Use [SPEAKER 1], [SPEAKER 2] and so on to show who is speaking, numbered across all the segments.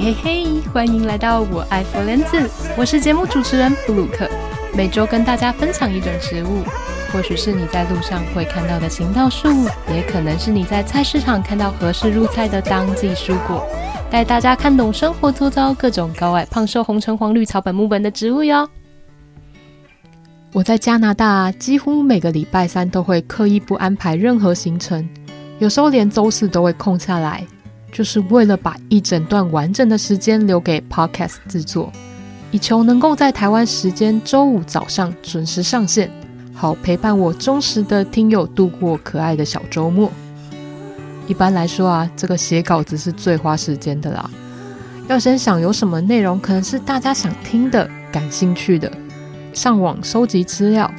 [SPEAKER 1] 嘿、hey, 嘿、hey, hey，歡迎來到我愛佛蓮子，我是節目主持人布魯克，每周跟大家分享一種植物，或許是你在路上會看到的行道樹，也可能是你在菜市場看到合適入菜的當季蔬果，帶大家看懂生活周遭各種高矮、胖瘦、紅橙黃綠草本、木本的植物喲。我在加拿大，幾乎每個禮拜三都會刻意不安排任何行程，有時候連周四都會空下來。就是為了把一整段完整的時間留給 Podcast 製作，以求能夠在台灣時間週五早上準時上線，好陪伴我忠實的聽友度過可愛的小週末。一般來說啊，這個寫稿子是最花時間的啦。要先想有什麼內容可能是大家想聽的、感興趣的，上網收集資料，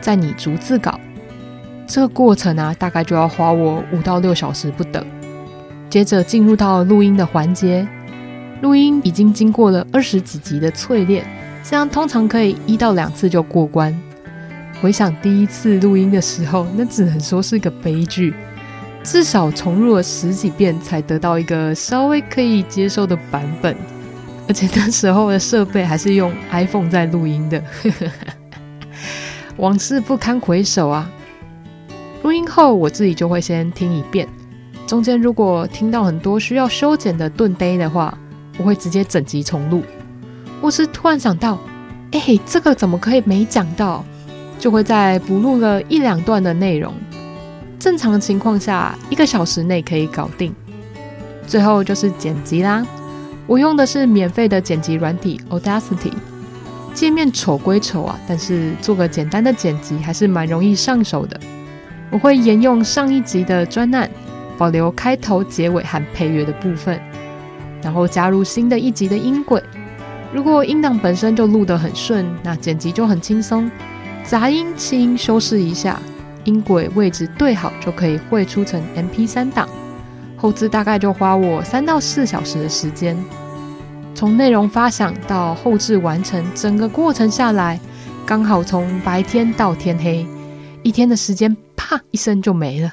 [SPEAKER 1] 再擬逐字稿。這個過程啊，大概就要花我五到六小時不等。接着進入到錄音的環節，錄音已經經過了二十幾集的淬煉，這樣通常可以一到兩次就過關。回想第一次錄音的時候，那只能說是個悲劇，至少重錄了十幾遍才得到一個稍微可以接受的版本，而且那時候的設備還是用 iPhone 在錄音的， 往事不堪回首啊！錄音後，我自己就會先聽一遍。中間如果聽到很多需要修剪的盾杯的話，我會直接整集重錄；我是突然想到，哎、欸，這個怎麼可以沒講到，就會再補錄了一兩段的內容。正常的情況下，一個小時內可以搞定。最後就是剪輯啦，我用的是免費的剪輯軟體 Audacity，界面醜歸醜啊，但是做個簡單的剪輯還是蠻容易上手的。我會沿用上一集的專案。保留開頭、結尾和配樂的部分，然後加入新的一集的音軌。如果音檔本身就錄得很順，那剪輯就很輕鬆。雜音輕修飾一下，音軌位置對好就可以匯出成 MP3 檔。後製大概就花我三到四小時的時間。從內容發想到後製完成，整個過程下來，剛好從白天到天黑，一天的時間，啪一聲就沒了。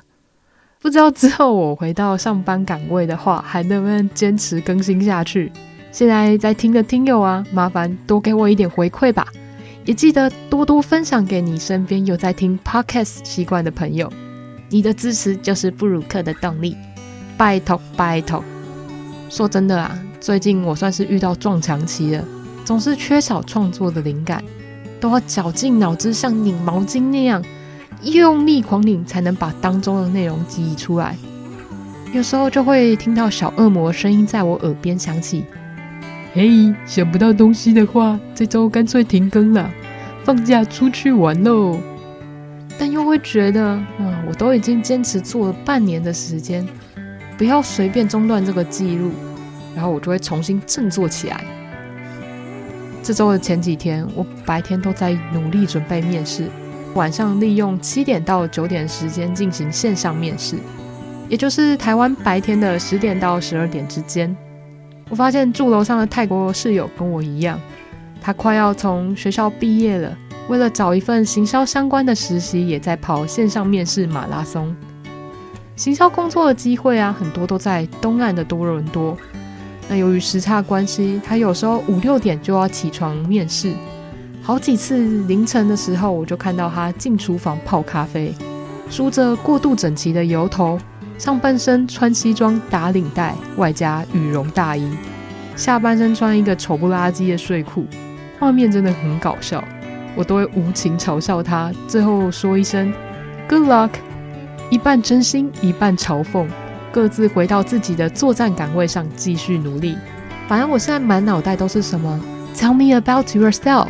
[SPEAKER 1] 不知道之後我回到上班崗位的話，還能不能堅持更新下去？現在在聽的聽友啊，麻煩多給我一點回饋吧，也記得多多分享給你身邊有在聽 Podcast 習慣的朋友。你的支持就是布魯克的動力，拜託拜託。說真的啊，最近我算是遇到撞牆期了，總是缺少創作的靈感，都要絞盡腦汁像擰毛巾那樣。用力狂擰，才能把當中的內容擠出來。有時候就會聽到小惡魔的聲音在我耳邊響起：“嘿，hey，想不到東西的話，這周乾脆停更了，放假出去玩嘍。”但又會覺得：“啊，我都已經堅持做了半年的時間，不要隨便中斷這個記錄。”然後我就會重新振作起來。這周的前幾天，我白天都在努力準備面試。晚上利用七點到九點時間進行線上面試，也就是台灣白天的十點到十二點之間。我發現住樓上的泰國室友跟我一樣，他快要從學校畢業了，為了找一份行銷相關的實習，也在跑線上面試馬拉松。行銷工作的機會啊，很多都在東岸的多倫多。那由於時差關係，他有時候五六點就要起床面試。好幾次凌晨的時候，我就看到他進廚房泡咖啡，梳着過度整齊的油頭，上半身穿西裝打領帶，外加羽絨大衣，下半身穿一個醜不拉幾的睡褲，畫面真的很搞笑，我都會無情嘲笑他，最後說一聲 Good luck，一半真心，一半嘲諷，各自回到自己的作戰崗位上繼續努力。反正我現在滿腦袋都是什麼，Tell me about yourself。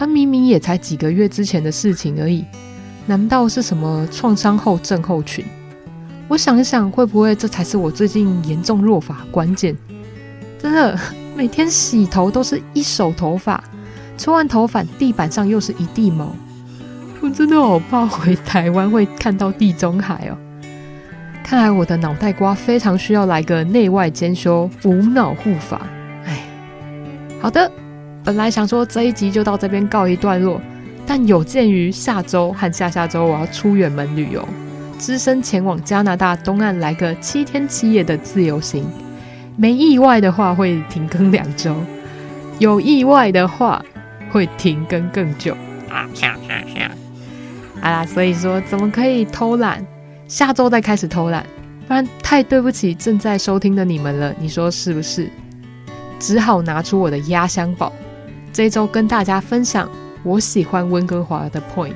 [SPEAKER 1] 他明明也才幾個月之前的事情而已，難道是什麼創傷後症候群？我想一想，會不會這才是我最近嚴重落髮關鍵？真的，每天洗頭都是一手頭髮，吹完頭髮地板上又是一地毛。我真的好怕回台灣會看到地中海哦。看來我的腦袋瓜非常需要來個內外兼修無腦護髮。哎，好的。本來想說這一集就到這邊告一段落，但有鑒於下周和下下周我要出遠門旅遊，只身前往加拿大東岸來個七天七夜的自由行，沒意外的話會停更兩周，有意外的話會停更更久。啊、好啦，所以說怎麼可以偷懶？下周再開始偷懶，不然太對不起正在收聽的你們了，你說是不是？只好拿出我的壓箱寶。這週跟大家分享，我喜歡溫哥華的 point。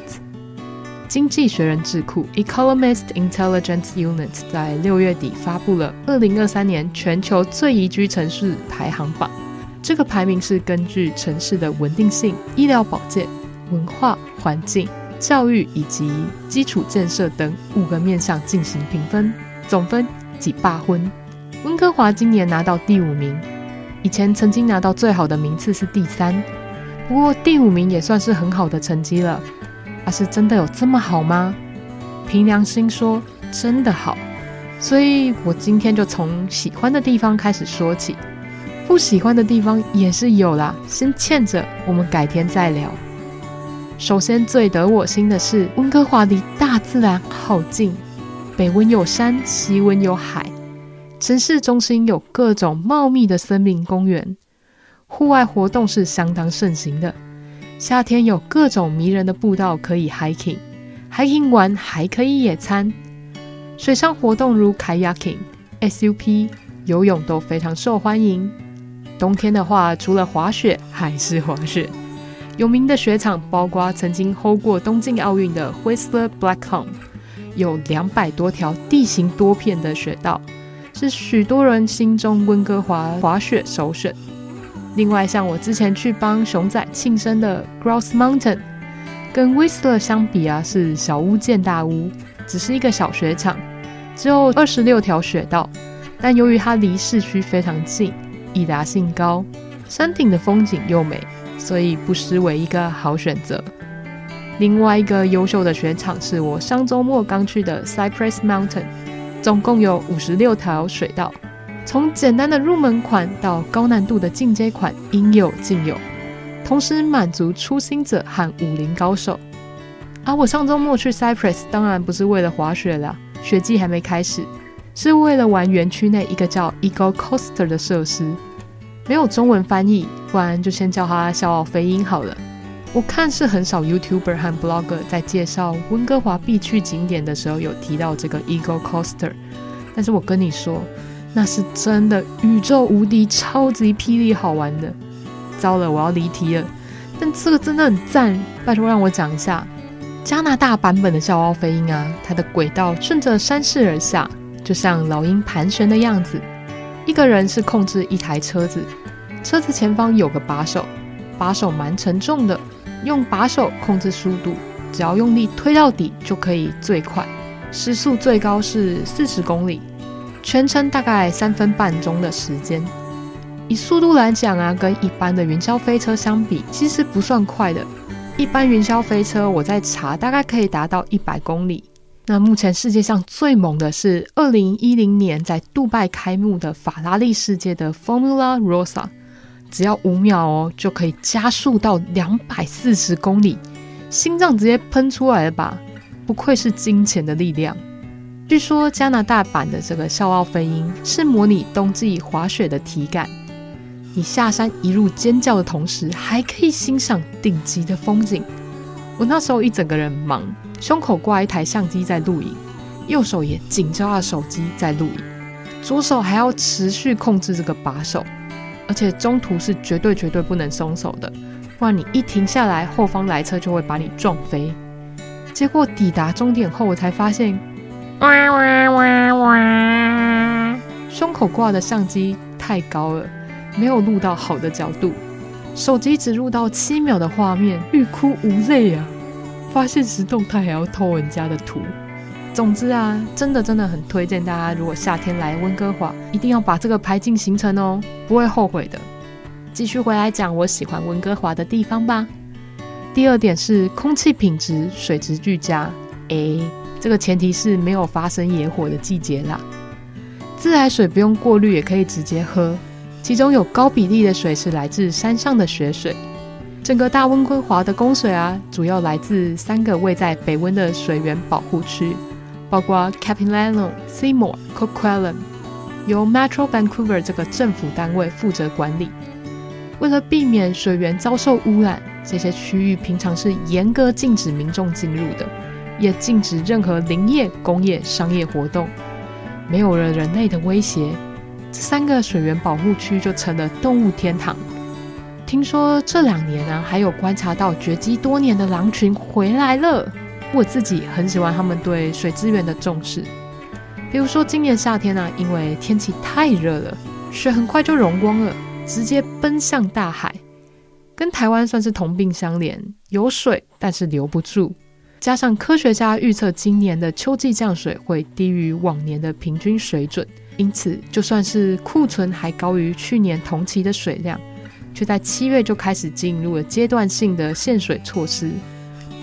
[SPEAKER 1] 經濟學人智庫 （Economist Intelligence Unit） 在六月底發布了二零二三年全球最宜居城市排行榜。這個排名是根據城市的穩定性、醫療保健、文化、環境、教育以及基礎建設等五個面向進行評分，總分一百分。溫哥華今年拿到第五名。以前曾經拿到最好的名次是第三，不過第五名也算是很好的成績了。而、啊、是真的有這麼好嗎？憑良心說，真的好。所以我今天就從喜歡的地方開始說起，不喜歡的地方也是有啦，先欠着，我們改天再聊。首先最得我心的是溫哥華離大自然好近，北溫有山，西溫有海。城市中心有各種茂密的森林公園，戶外活動是相當盛行的。夏天有各種迷人的步道可以 hiking，hiking 完 hiking 還可以野餐。水上活動如 kayaking、SUP、游泳都非常受歡迎。冬天的話，除了滑雪還是滑雪。有名的雪場包括曾經 hold 過東京奧運的 Whistler Blackcomb，有兩百多條地形多片的雪道。是許多人心中溫哥華滑雪首選。另外，像我之前去幫熊仔慶生的 Grouse Mountain，跟 Whistler 相比啊，是小巫見大巫，只是一個小雪場，只有二十六條雪道。但由於它離市區非常近，易達性高，山頂的風景又美，所以不失為一個好選擇。另外一個優秀的雪場是我上周末剛去的 Cypress Mountain。總共有五十六條水道，從簡單的入門款到高難度的進階款，應有盡有，同時滿足初心者和武林高手。而、啊、我上周末去 Cypress，當然不是為了滑雪啦，雪季還沒開始，是為了玩園區內一個叫 Eagle Coaster 的設施，沒有中文翻譯，不然就先叫它笑傲飛鷹好了。我看是很少 YouTuber 和 Blogger 在介紹溫哥華必去景點的時候有提到這個 Eagle Coaster。但是我跟你說，那是真的宇宙無敵超級霹靂好玩的。糟了，我要離題了，但這個真的很讚，拜託讓我講一下加拿大版本的笑傲飛鷹啊，它的軌道順着山勢而下，就像老鷹盤旋的樣子。一個人是控制一台車子，車子前方有個把手，把手蠻沉重的。用把手控制速度，只要用力推到底就可以最快，時速最高是四十公里，全程大概三分半鐘的時間。以速度來講啊，跟一般的雲霄飛車相比，其實不算快的。一般雲霄飛車我在查，大概可以達到一百公里。那目前世界上最猛的是二零一零年在杜拜開幕的法拉利世界的 Formula Rossa。只要五秒哦，就可以加速到兩百四十公里，心臟直接噴出來了吧！不愧是金錢的力量。據說加拿大版的這個笑傲飛鷹是模擬冬季滑雪的體感，你下山一路尖叫的同時，還可以欣賞頂級的風景。我那時候一整個人忙，胸口掛一台相機在錄影，右手也緊抓着手機在錄影，左手還要持續控制這個把手。而且中途是絕對絕對不能鬆手的，不然你一停下來，後方來車就會把你撞飛。結果抵達終點後，我才發現，哇哇哇哇，胸口掛的相機太高了，沒有錄到好的角度。手機只錄到七秒的畫面，欲哭無淚啊！發現時動態，還要偷人家的圖。總之啊，真的真的很推薦大家，如果夏天來溫哥華，一定要把這個排進行程哦，不會後悔的。繼續回來講我喜歡溫哥華的地方吧。第二點是空氣品質、水質俱佳，誒，這個前提是沒有發生野火的季節啦。自來水不用過濾也可以直接喝，其中有高比例的水是來自山上的雪水。整個大溫哥華的供水啊，主要來自三個位在北溫的水源保護區。包括 Capilano、Seymour、Coquitlam，由 Metro Vancouver 這個政府單位負責管理。為了避免水源遭受污染，這些區域平常是嚴格禁止民眾進入的，也禁止任何林業、工業、商業活動。沒有了人類的威脅，這三個水源保護區就成了動物天堂。聽說這兩年呢、啊，還有觀察到絕迹多年的狼群回來了。我自己很喜歡他們對水資源的重視，比如說今年夏天呢、啊，因為天氣太熱了，雪很快就融光了，直接奔向大海，跟台灣算是同病相憐，有水但是留不住。加上科學家預測今年的秋季降水會低於往年的平均水準，因此就算是庫存還高於去年同期的水量，卻在七月就開始進入了階段性的限水措施。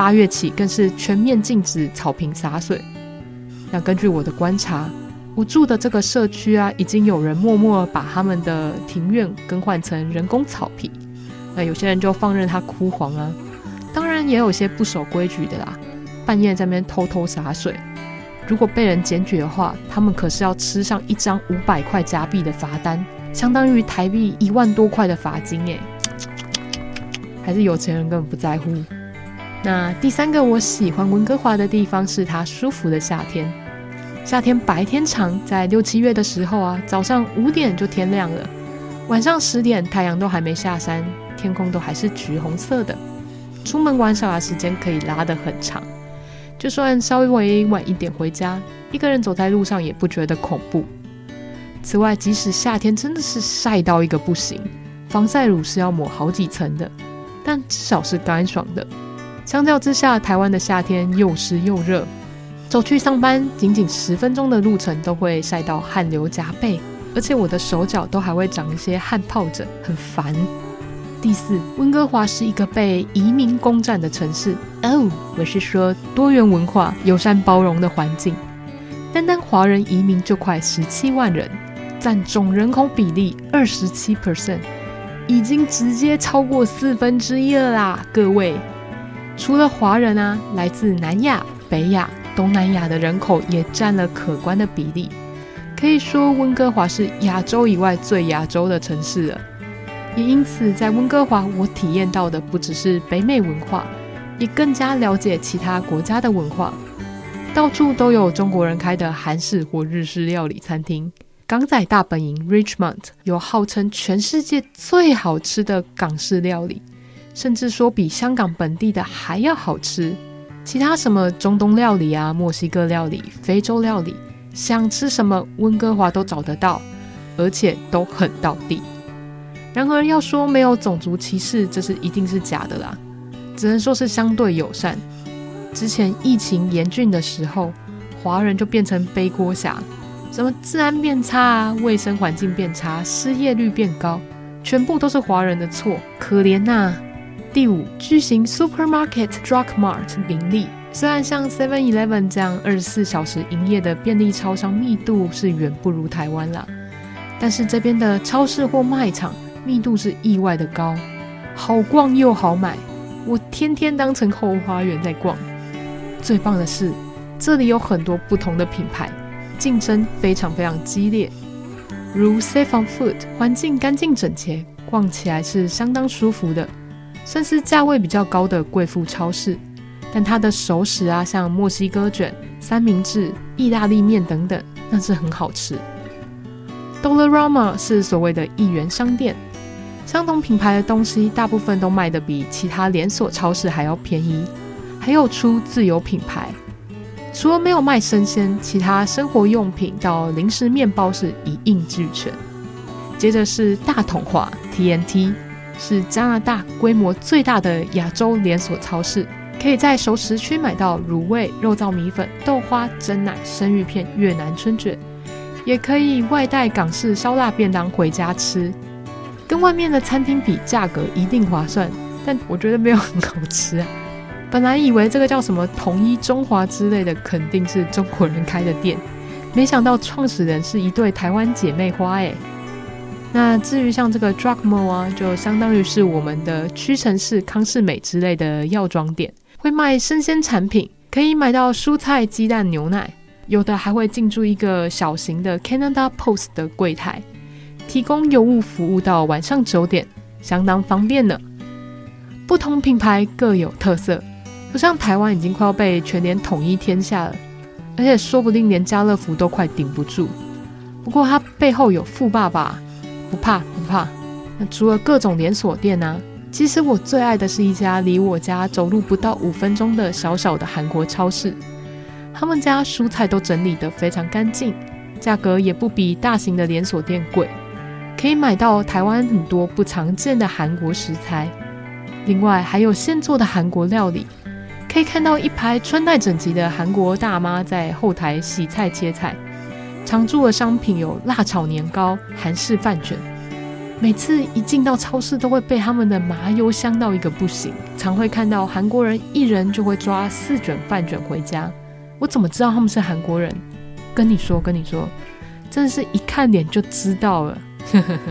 [SPEAKER 1] 八月起，更是全面禁止草坪灑水。那根據我的觀察，我住的這個社區啊，已經有人默默地把他們的庭院更換成人工草坪。那有些人就放任他枯黃啊。當然，也有些不守規矩的啦，半夜在那邊偷偷灑水。如果被人檢舉的話，他們可是要吃上一張五百塊加幣的罰單，相當於台幣一萬多塊的罰金誒。還是有錢人根本不在乎。那第三個我喜歡溫哥華的地方是它舒服的夏天。夏天白天長，在六七月的時候啊，早上五點就天亮了，晚上十點太陽都還沒下山，天空都還是橘紅色的。出門玩耍的時間可以拉得很長，就算稍微晚一點回家，一個人走在路上也不覺得恐怖。此外，即使夏天真的是曬到一個不行，防曬乳是要抹好幾層的，但至少是乾爽的。相較之下，台灣的夏天又濕又熱，走去上班僅僅十分鐘的路程都會曬到汗流浹背，而且我的手腳都還會長一些汗皰疹，很煩。第四，溫哥華是一個被移民攻佔的城市哦，我、oh, 是說多元文化、友善包容的環境。單單華人移民就快十七萬人，佔總人口比例二十七 percent，已經直接超過四分之一了啦，各位。除了華人啊，來自南亞、北亞、東南亞的人口也佔了可觀的比例。可以說，溫哥華是亞洲以外最亞洲的城市了。也因此，在溫哥華，我體驗到的不只是北美文化，也更加了解其他國家的文化。到處都有中國人開的韓式或日式料理餐廳。港仔大本營 Richmond 有號稱全世界最好吃的港式料理。甚至說比香港本地的還要好吃。其他什麼中東料理啊、墨西哥料理、非洲料理，想吃什麼溫哥華都找得到，而且都很到地。然而要說沒有種族歧視，這是一定是假的啦，只能說是相對友善。之前疫情嚴峻的時候，華人就變成背鍋俠，什麼治安變差啊、衛生環境變差、失業率變高，全部都是華人的錯，可憐吶、啊。第五，巨型 supermarket/drug mart 林立。雖然像 Seven Eleven 這樣二十四小時營業的便利超商密度是遠不如台灣啦，但是這邊的超市或賣場密度是意外的高，好逛又好買，我天天當成後花園在逛。最棒的是，這裡有很多不同的品牌，競爭非常非常激烈。如 Save-On-Foods，環境乾淨整潔，逛起來是相當舒服的。算是價位比較高的貴婦超市，但它的熟食啊，像墨西哥捲、三明治、意大利麵等等，那是很好吃。Dollarama 是所謂的一元商店，相同品牌的東西大部分都賣得比其他連鎖超市還要便宜，還有出自有品牌。除了沒有賣生鮮，其他生活用品到零食、麵包是一應俱全。接着是大統華 TNT。是加拿大規模最大的亞洲連鎖超市，可以在熟食區買到滷味、肉燥米粉、豆花、蒸奶、生魚片、越南春卷，也可以外帶港式燒臘便當回家吃。跟外面的餐廳比，價格一定划算，但我覺得沒有很好吃啊。本來以為這個叫什麼“統一中華”之類的，肯定是中國人開的店，沒想到創始人是一對臺灣姐妹花、欸，哎。那至於像這個 drug m o 啊，就相當於是我們的屈臣氏、康士美之類的藥妝店，會賣生鮮產品，可以買到蔬菜、雞蛋、牛奶，有的還會進駐一個小型的 Canada Post 的櫃台，提供郵務服務到晚上九點，相當方便呢。不同品牌各有特色，不像台灣已經快要被全聯統一天下了，而且說不定連家樂福都快頂不住。不過它背後有富爸爸。不怕不怕，那除了各種連鎖店呢、啊，其實我最愛的是一家離我家走路不到五分鐘的小小的韓國超市。他們家蔬菜都整理得非常乾淨，價格也不比大型的連鎖店貴，可以買到台灣很多不常見的韓國食材。另外還有現做的韓國料理，可以看到一排穿戴整齊的韓國大媽在後台洗菜切菜。常駐的商品有辣炒年糕、韓式飯卷。每次一進到超市，都會被他們的麻油香到一個不行。常會看到韓國人一人就會抓四卷飯卷回家。我怎麼知道他們是韓國人？跟你說，跟你說，真的是一看臉就知道了。呵呵呵，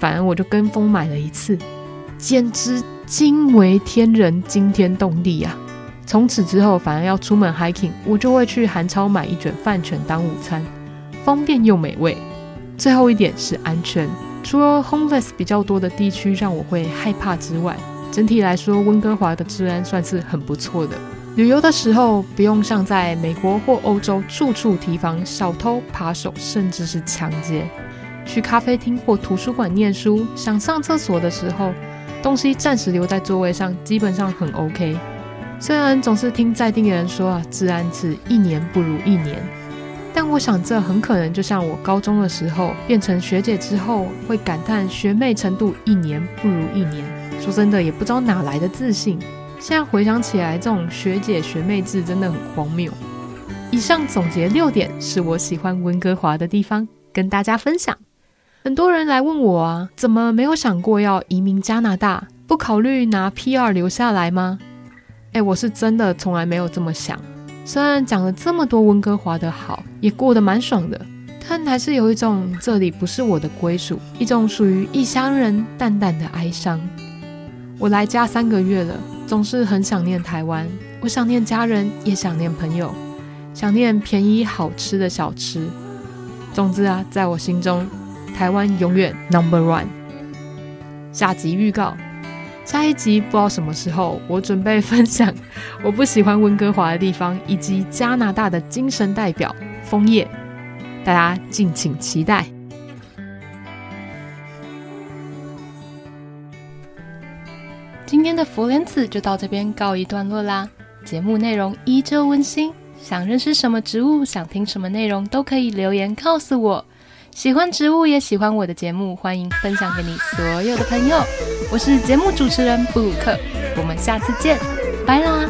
[SPEAKER 1] 反而我就跟風買了一次，簡直驚為天人、驚天動地呀、啊！從此之後，反而要出門 hiking，我就會去韓超買一卷飯卷當午餐。方便又美味。最後一點是安全，除了 homeless 比較多的地區讓我會害怕之外，整體來說，溫哥華的治安算是很不錯的。旅遊的時候，不用像在美國或歐洲處處提防小偷、扒手，甚至是搶劫。去咖啡廳或圖書館念書，想上廁所的時候，東西暫時留在座位上，基本上很 OK。雖然總是聽在地的人說啊，治安是一年不如一年。但我想，這很可能就像我高中的時候變成學姐之後，會感嘆學妹程度一年不如一年。說真的，也不知道哪來的自信。現在回想起來，這種學姐學妹制真的很荒謬。以上總結六點是我喜歡溫哥華的地方，跟大家分享。很多人來問我啊，怎麼沒有想過要移民加拿大，不考慮拿 PR 留下來嗎？哎，我是真的從來沒有這麼想。雖然講了這麼多溫哥華的好，也過得蠻爽的，但還是有一種這裡不是我的歸屬，一種屬於異鄉人淡淡的哀傷。我來加三個月了，總是很想念台灣，我想念家人，也想念朋友，想念便宜好吃的小吃。總之啊，在我心中，台灣永遠 Number One。下集預告。下一集不知道什麼時候，我準備分享我不喜歡溫哥華的地方，以及加拿大的精神代表楓葉，大家敬請期待。今天的佛蓮子就到這邊告一段落啦，節目內容依舊溫馨。想認識什麼植物，想聽什麼內容，都可以留言告訴我。喜歡植物，也喜歡我的節目，歡迎分享給你所有的朋友。我是節目主持人布魯克，我們下次見，拜啦！